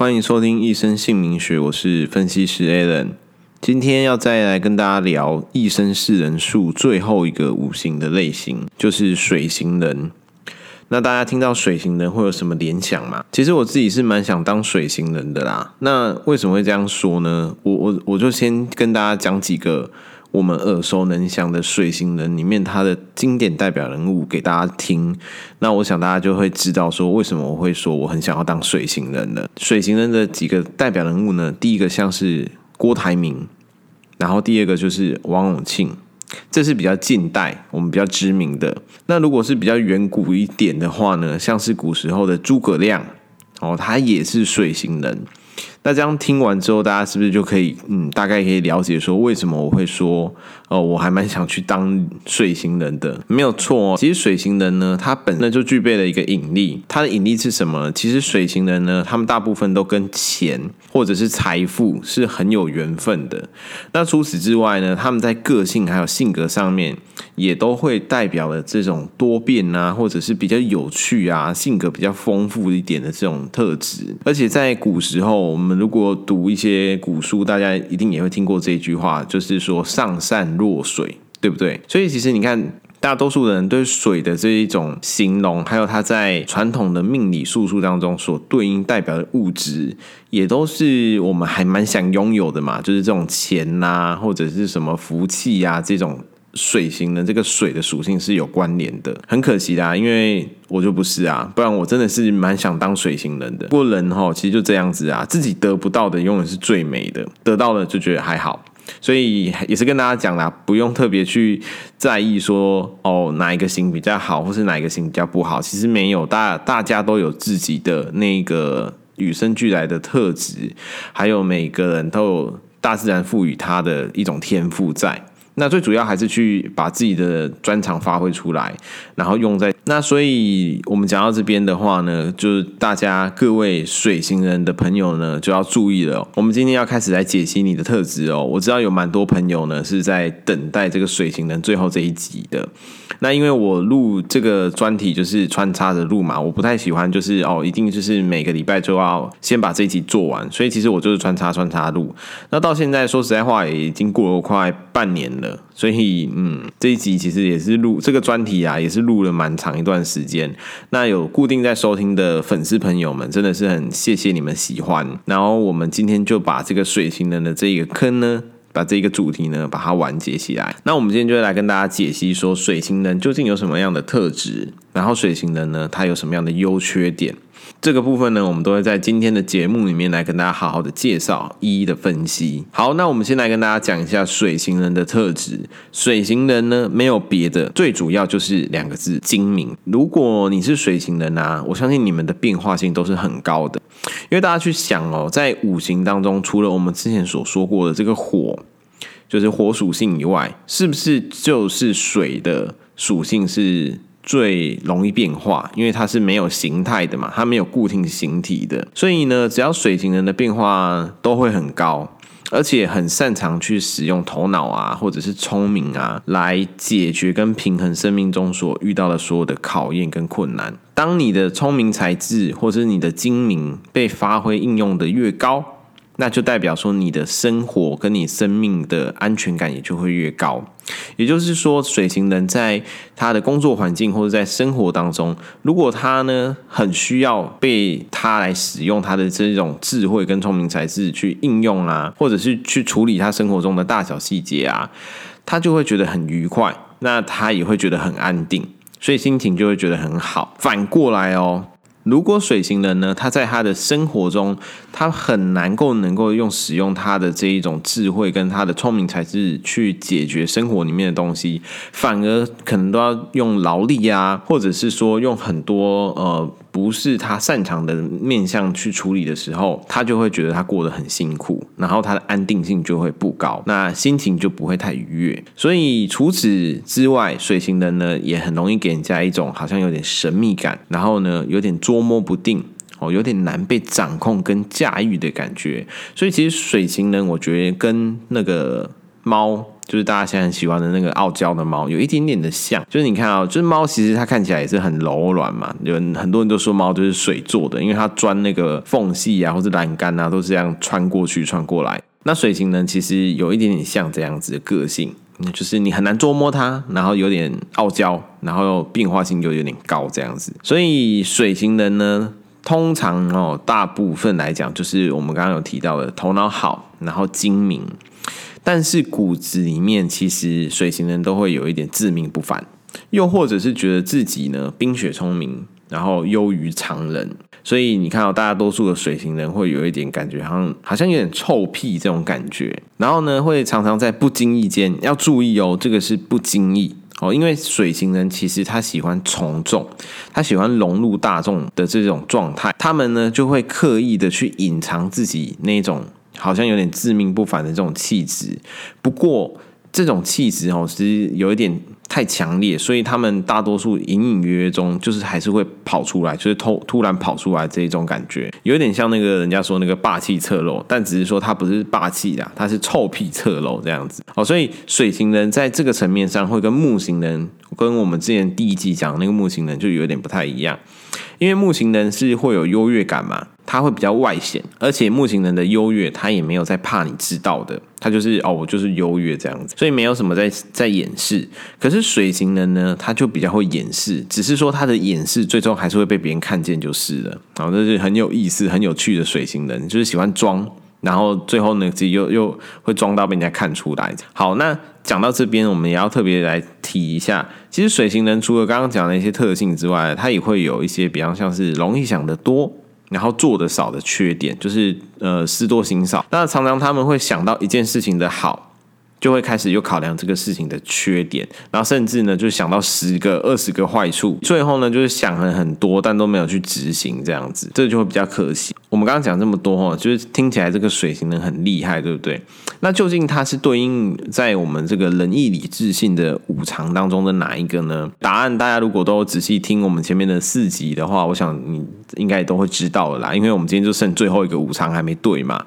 歡迎收聽《易生姓名學》，我是分析師 Alan，今天要再來跟大家聊易生識人術最後一個五行的類型，就是水型人。那大家聽到水型人會有什麼聯想嘛？其實我自己是蠻想當水型人的啦。那為什麼會這樣說呢？我我我就先跟大家講幾個。我們耳熟能詳的水型人裡面，他的經典代表人物給大家聽，那我想大家就會知道說，為什麼我會說我很想要當水型人了。水型人的幾個代表人物呢，第一個像是郭台銘，然後第二個就是王永慶，這是比較近代我們比較知名的。那如果是比較遠古一點的話呢，像是古時候的諸葛亮哦，他也是水型人。那這樣聽完之後，大家是不是就可以嗯，大概可以了解說，為什麼我會說哦、呃，我還蠻想去當水型人的？沒有錯哦，其實水型人呢，他本身就具備了一個引力，他的引力是什麼？其實水型人呢，他們大部分都跟錢或者是財富是很有緣分的。那除此之外呢，他們在個性還有性格上面，也都會代表了這種多變啊，或者是比較有趣啊，性格比較豐富一點的這種特質。而且在古時候，我們如果讀一些古書，大家一定也會聽過這句話，就是說“上善若水”，對不對？所以其實你看，大多數人對水的這一種形容，還有它在傳統的命理術數當中所對應代表的物質，也都是我們還蠻想擁有的嘛，就是這種錢吶、啊，或者是什麼福氣呀、啊、這種。水型的這個水的屬性是有關聯的，很可惜啦，因為我就不是啊，不然我真的是蠻想當水型人的。不過人哈、哦，其實就這樣子啊，自己得不到的永遠是最美的，得到了就覺得還好。所以也是跟大家講啦，不用特別去在意說哦哪一個型比較好，或是哪一個型比較不好，其實沒有，大大家都有自己的那個與生俱來的特質，還有每個人都有大自然賦予他的一種天賦在。那最主要還是去把自己的專長發揮出來，然後用在那，所以我們講到這邊的話呢，就是大家各位水型人的朋友呢，就要注意了哦。我們今天要開始來解析你的特質哦。我知道有蠻多朋友呢是在等待這個水型人最後這一集的。那因為我錄這個專題就是穿插着錄嘛，我不太喜歡就是哦，一定就是每個禮拜就要先把這一集做完，所以其實我就是穿插穿插錄。那到現在說實在話，也已經過了快半年了。所以，嗯，這一集其實也是錄這個專題啊，也是錄了蠻長一段時間。那有固定在收聽的粉絲朋友們，真的是很謝謝你們喜歡。然後我們今天就把這個水型人的這一個坑呢，把這個主題呢，把它完結起來。那我們今天就來跟大家解析說，水型人究竟有什麼樣的特質？然後水型人呢，他有什麼樣的優缺點？這個部分呢，我們都會在今天的節目裡面來跟大家好好的介紹，一一的分析。好，那我們先來跟大家講一下水型人的特質。水型人呢，沒有別的，最主要就是兩個字——精明。如果你是水型人呢、啊，我相信你們的變化性都是很高的。因為大家去想哦，在五行當中，除了我們之前所說過的這個火，就是火屬性以外，是不是就是水的屬性是？最容易變化，因為它是沒有形態的嘛，它沒有固定形體的，所以呢，只要水型人的變化都會很高，而且很擅長去使用頭腦啊，或者是聰明啊，來解決跟平衡生命中所遇到的所有的考驗跟困難。當你的聰明才智或者是你的精明被發揮應用的越高，那就代表說你的生活跟你生命的安全感也就會越高。也就是說，水型人在他的工作環境或者在生活當中，如果他呢很需要被他來使用他的這種智慧跟聰明才智去應用啊，或者是去處理他生活中的大小細節啊，他就會覺得很愉快，那他也會覺得很安定，所以心情就會覺得很好。反過來哦。如果水型人呢，他在他的生活中，他很難夠能夠用使用他的這一種智慧跟他的聰明才智去解決生活裡面的東西，反而可能都要用勞力啊，或者是說用很多呃。不是他擅長的面向去處理的時候，他就會覺得他過得很辛苦，然後他的安定性就會不高，那心情就不會太愉悅。所以除此之外，水型人呢也很容易給人家一種好像有點神秘感，然後呢有點捉摸不定，哦，有點難被掌控跟駕馭的感覺。所以其實水型人，我覺得跟那個貓。就是大家現在很喜歡的那個傲嬌的貓，有一點點的像。就是你看啊、喔，就是貓其實它看起來也是很柔軟嘛，有很多人都說貓就是水做的，因為它鑽那個縫隙啊，或者欄杆啊，都是這樣穿過去、穿過來。那水型人其實有一點點像這樣子的個性，就是你很難捉摸它，然後有點傲嬌，然後變化性就有點高這樣子。所以水型人呢。通常哦，大部分來講，就是我們剛剛有提到的，頭腦好，然後精明。但是骨子裡面，其實水型人都會有一點自命不凡，又或者是覺得自己呢冰雪聰明，然後優於常人。所以你看到哦，大多數的水型人會有一點感覺，好像好像有點臭屁這種感覺。然後呢，會常常在不經意間要注意哦，這個是不經意。哦，因為水型人其實他喜歡從眾，他喜歡融入大眾的這種狀態，他們呢就會刻意的去隱藏自己那種好像有點自命不凡的這種氣質，不過，這種氣質哦，其實有一點太強烈，所以他們大多數隱隱約約中，就是還是會跑出來，就是突突然跑出來這一種感覺，有點像那個人家說那個霸氣側漏，但只是說他不是霸氣啦，他是臭屁側漏這樣子哦。所以水型人在這個層面上會跟木型人，跟我們之前第一季講的那個木型人就有點不太一樣。因為木型人是會有優越感嘛，他會比較外顯，而且木型人的優越他也沒有在怕你知道的，他就是哦，我就是優越這樣子，所以沒有什麼在在掩飾。可是水型人呢，他就比較會掩飾，只是說他的掩飾最終還是會被別人看見就是了。好、哦，這是很有意思、很有趣的水型人，就是喜歡裝。然後最後呢，自己又又會裝到被人家看出來。好，那講到這邊，我們也要特別來提一下，其實水型人除了剛剛講的一些特性之外，他也會有一些，比方像是容易想的多，然後做的少的缺點，就是呃思多行少。那常常他們會想到一件事情的好。就會開始有考量這個事情的缺點，然後甚至呢，就想到十個、二十個壞處，最後呢，就是想了很、很多，但都沒有去執行，這樣子，這就會比較可惜。我們剛剛講這麼多，哈，就是聽起來這個水型人很厲害，對不對？那究竟它是對應在我們這個仁義禮智信的五常當中的哪一個呢？答案，大家如果都仔細聽我們前面的四集的話，我想你應該都會知道了，啦。因為我們今天就剩最後一個五常還沒對嘛。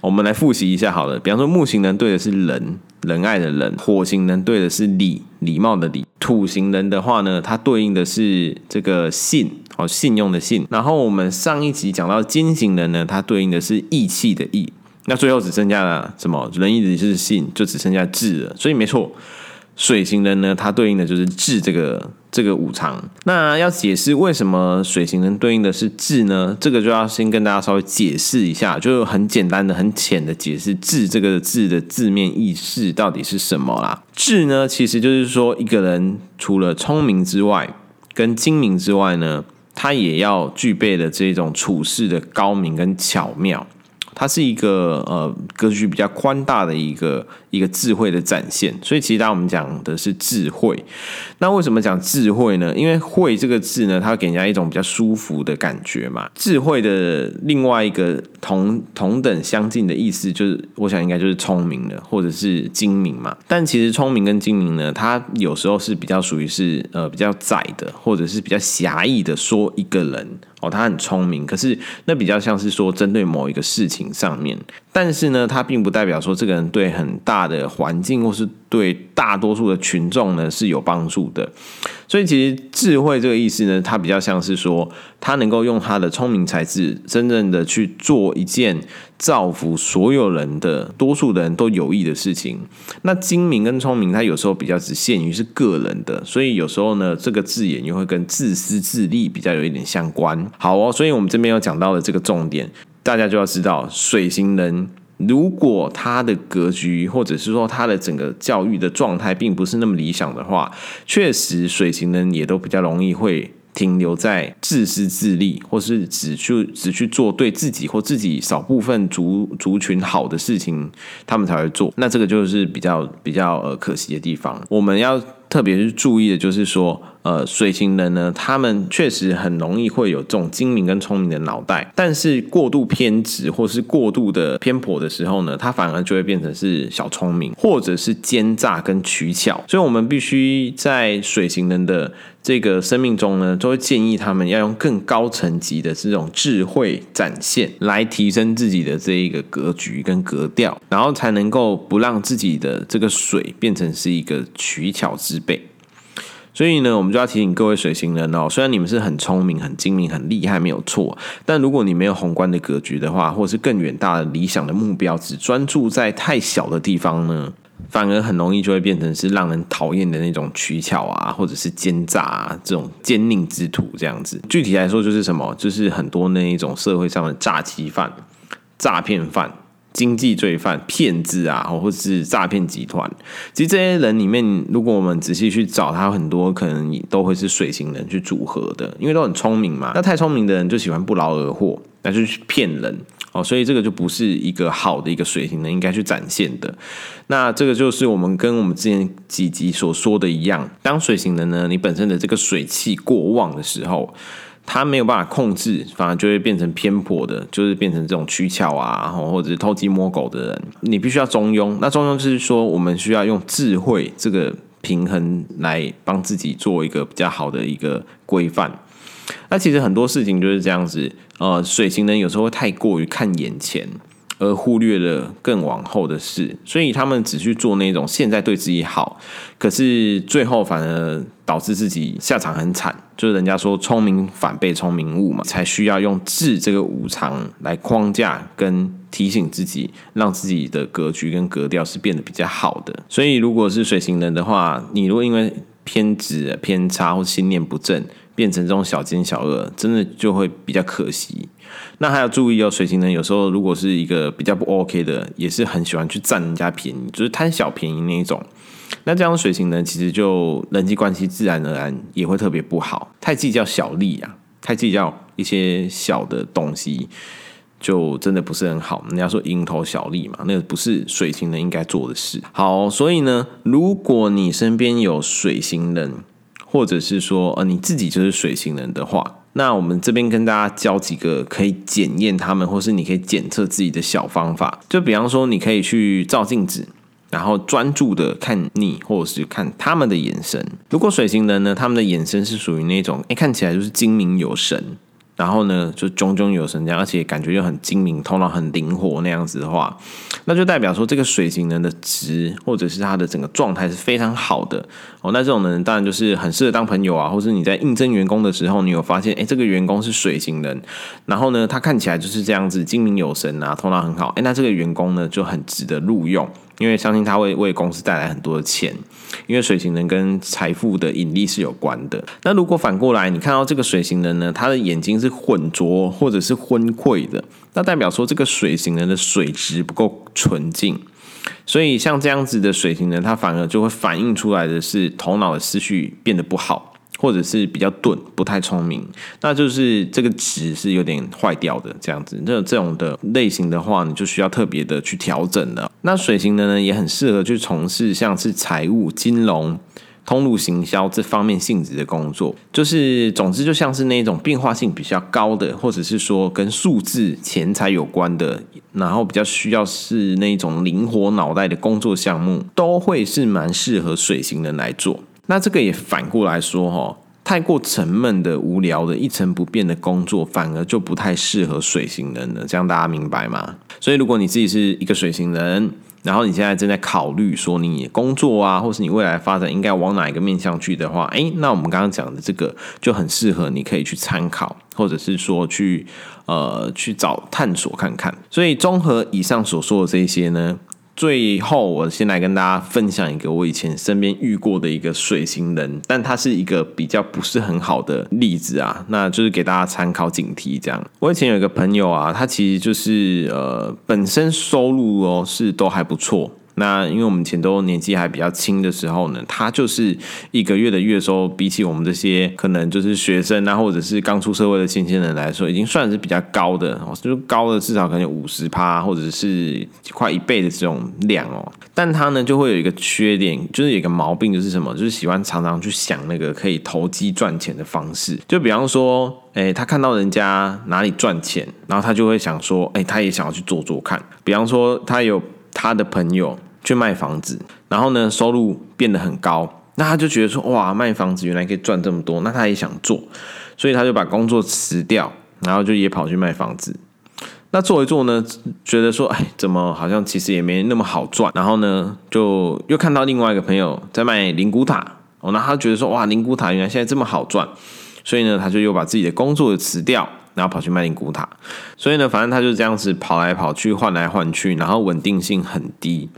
我們來複習一下好了，比方說木型人對的是仁。仁愛的仁，火型人對的是禮，禮貌的禮。土型人的話呢，它對應的是這個信，哦，信用的信。然後我們上一集講到金型人呢，它對應的是義氣的義。那最後只剩下了什麼？仁義禮智信，就只剩下智了。所以沒錯。水型人呢，它對應的就是智這個這個五常。那要解釋為什麼水型人對應的是智呢？這個就要先跟大家稍微解釋一下，就是很簡單的、很淺的解釋智這個字的字面意思到底是什麼啦。智呢，其實就是說一個人除了聰明之外，跟精明之外呢，他也要具備的這種處事的高明跟巧妙。它是一個呃格局比較寬大的一個，一個智慧的展現，所以其實我們講的是智慧。那為什麼講智慧呢？因為“慧”這個字呢，它會給人家一種比較舒服的感覺嘛。智慧的另外一個同同等相近的意思，就是我想應該就是聰明的，或者是精明嘛。但其實聰明跟精明呢，它有時候是比較屬於是呃比較窄的，或者是比較狹義的說一個人哦，他很聰明，可是那比較像是說針對某一個事情上面。但是呢，它並不代表說這個人對很大。大的環境或是對大多數的群眾呢，是有幫助的，所以其實智慧這個意思呢，它比較像是說，他能夠用他的聰明才智，真正的去做一件造福所有人的、多數人都有益的事情。那精明跟聰明，它有時候比較只限於是個人的，所以有時候呢，這個字眼又會跟自私自利比較有一點相關。好哦，所以我們這邊要講到的這個重點，大家就要知道水型人。如果他的格局，或者是說他的整個教育的狀態，並不是那麼理想的話，確實水型人也都比較容易會停留在自私自利，或是只去只去做對自己或自己少部分族族群好的事情，他們才會做。那這個就是比較比較呃可惜的地方。我們要特別去注意的就是說。呃，水型人呢，他們確實很容易會有這種精明跟聰明的腦袋，但是過度偏執或是過度的偏頗的時候呢，他反而就會變成是小聰明，或者是奸詐跟取巧。所以我們必須在水型人的這個生命中呢，都會建議他們要用更高層級的這種智慧展現，來提升自己的這一個格局跟格調，然後才能夠不讓自己的這個水變成是一個取巧之輩。所以呢，我們就要提醒各位水型人哦，雖然你們是很聰明、很精明、很厲害，沒有錯，但如果你沒有宏觀的格局的話，或者是更遠大的理想的目標，只專注在太小的地方呢，反而很容易就會變成是讓人討厭的那種取巧啊，或者是奸詐啊這種奸佞之徒這樣子。具體來說，就是什麼？就是很多那一種社會上的詐欺犯、詐騙犯。經濟罪犯、騙子啊，或者是詐騙集團，其實這些人裡面，如果我們仔細去找他，他很多可能都會是水型人去組合的，因為都很聰明嘛。那太聰明的人就喜歡不勞而獲，那就去騙人哦。所以這個就不是一個好的一個水型人應該去展現的。那這個就是我們跟我們之前幾集所說的一樣，當水型人呢，你本身的這個水氣過旺的時候。他沒有辦法控制，反而就會變成偏頗的，就是變成這種取巧啊，然後或者是偷雞摸狗的人。你必須要中庸，那中庸就是說，我們需要用智慧這個平衡來幫自己做一個比較好的一個規範。那其實很多事情就是這樣子，呃，水型人有時候會太過於看眼前，而忽略了更往後的事，所以他們只去做那種現在對自己好，可是最後反而導致自己下場很慘。就是人家說聰明反被聰明誤嘛，才需要用智這個五常來框架跟提醒自己，讓自己的格局跟格調是變得比較好的。所以如果是水型人的話，你如果因為偏執、偏差或信念不正，變成這種小奸小惡，真的就會比較可惜。那還要注意哦，水型人有時候如果是一個比較不 OK 的，也是很喜歡去佔人家便宜，就是貪小便宜那一種。那這樣的水型人其實就人際關係自然而然也會特別不好，太計較小利啊，太計較一些小的東西，就真的不是很好。人家說蠅頭小利嘛，那個不是水型人應該做的事。好，所以呢，如果你身邊有水型人，或者是說，呃，你自己就是水型人的話，那我們這邊跟大家教幾個可以檢驗他們，或是你可以檢測自己的小方法。就比方說，你可以去照鏡子，然後專注的看你，或者是看他們的眼神。如果水型人呢，他們的眼神是屬於那種，哎、欸，看起來就是精明有神。然後呢，就炯炯有神這樣，而且感覺又很精明，頭腦很靈活那樣子的話，那就代表說這個水型人的值或者是他的整個狀態是非常好的哦。那這種人當然就是很適合當朋友啊，或者你在應徵員工的時候，你有發現哎，這個員工是水型人，然後呢，他看起來就是這樣子，精明有神啊，頭腦很好，哎，那這個員工呢就很值得錄用。因為相信他會為公司帶來很多的錢，因為水型人跟財富的引力是有關的。那如果反過來，你看到這個水型人呢，他的眼睛是渾濁或者是昏聵的，那代表說這個水型人的水質不夠純淨。所以像這樣子的水型人，他反而就會反映出來的是頭腦的思緒變得不好。或者是比較鈍，不太聰明，那就是這個值是有點壞掉的這樣子。那這種的類型的話，你就需要特別的去調整了。那水型的呢，也很適合去從事像是財務、金融、通路行銷這方面性質的工作。就是總之，就像是那一種變化性比較高的，或者是說跟數字、錢財有關的，然後比較需要是那一種靈活腦袋的工作項目，都會是蠻適合水型人來做。那這個也反過來說哈，太過沉悶的、無聊的、一成不變的工作，反而就不太適合水型人了。這樣大家明白嗎？所以如果你自己是一個水型人，然後你現在正在考慮說你工作啊，或是你未來發展應該往哪一個面向去的話，誒、欸，那我們剛剛講的這個就很適合，你可以去參考，或者是說去呃去找探索看看。所以綜合以上所說的這些呢。最後，我先來跟大家分享一個我以前身邊遇過的一個水型人，但他是一個比較不是很好的例子啊，那就是給大家參考警惕這樣。我以前有一個朋友啊，他其實就是呃，本身收入哦，是都還不錯。那因為我們前多年紀還比較輕的時候呢，他就是一個月的月收，比起我們這些可能就是學生啊，或者是剛出社會的青年人來說，已經算是比較高的哦，就是高的至少可能有五十趴，或者是快一倍的這種量哦、喔。但他呢就會有一個缺點，就是有個毛病，就是什麼？就是喜歡常常去想那個可以投機賺錢的方式。就比方說，哎、欸，他看到人家哪裡賺錢，然後他就會想說，哎、欸，他也想要去做做看。比方說，他有他的朋友。去賣房子，然後呢，收入變得很高，那他就覺得說，哇，賣房子原來可以賺這麼多，那他也想做，所以他就把工作辭掉，然後就也跑去賣房子。那做一做呢，覺得說，哎，怎麼好像其實也沒那麼好賺？然後呢，就又看到另外一個朋友在賣靈骨塔，哦，那他覺得說，哇，靈骨塔原來現在這麼好賺，所以呢，他就又把自己的工作辭掉。然後跑去麥林古塔，所以呢，反正他就這樣子跑來跑去，換來換去，然後穩定性很低。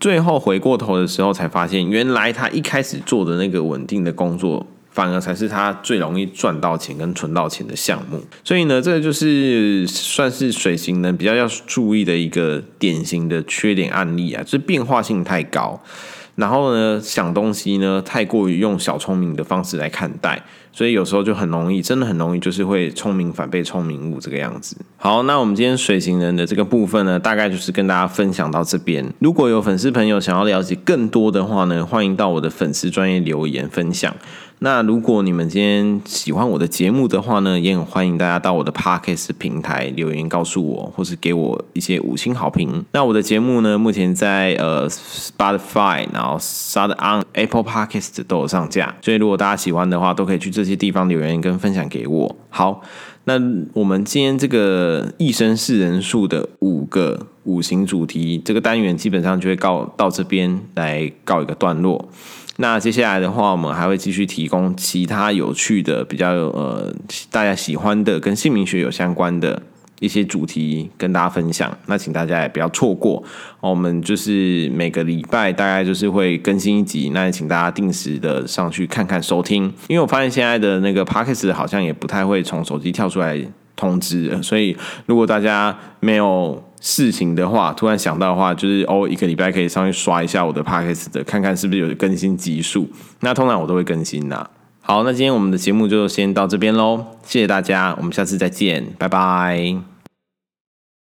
最後回過頭的時候，才發現原來他一開始做的那個穩定的工作，反而才是他最容易賺到錢跟存到錢的項目。所以呢，這個就是算是水型人比較要注意的一個典型的缺點案例啊，就是變化性太高。然後呢，想東西呢，太過於用小聰明的方式來看待。所以有時候就很容易，真的很容易，就是會聰明反被聰明誤這個樣子。好，那我們今天水型人的這個部分呢，大概就是跟大家分享到這邊。如果有粉絲朋友想要了解更多的話呢，歡迎到我的粉絲專業留言分享。那如果你們今天喜歡我的節目的話呢，也很歡迎大家到我的 Podcast 平台留言告訴我，或是給我一些五星好評。那我的節目呢，目前在呃 Spotify，然後 SoundOn Apple Podcast 都有上架，所以如果大家喜歡的話，都可以去這。這些地方留言跟分享給我。好，那我們今天這個易生識人術的五個五行主題這個單元，基本上就會告到這邊來告一個段落。那接下來的話，我們還會繼續提供其他有趣的、比較呃大家喜歡的跟姓名學有相關的。一些主題跟大家分享，那請大家也不要錯過。我們就是每個禮拜大概就是會更新一集，那也請大家定時的上去看看收聽。因為我發現現在的那個 podcast 好像也不太會從手機跳出來通知，所以如果大家沒有事情的話，突然想到的話，就是哦一個禮拜可以上去刷一下我的 podcast 的，看看是不是有更新集數。那通常我都會更新的。好，那今天我們的節目就先到這邊嘍。謝謝大家，我們下次再見，拜拜。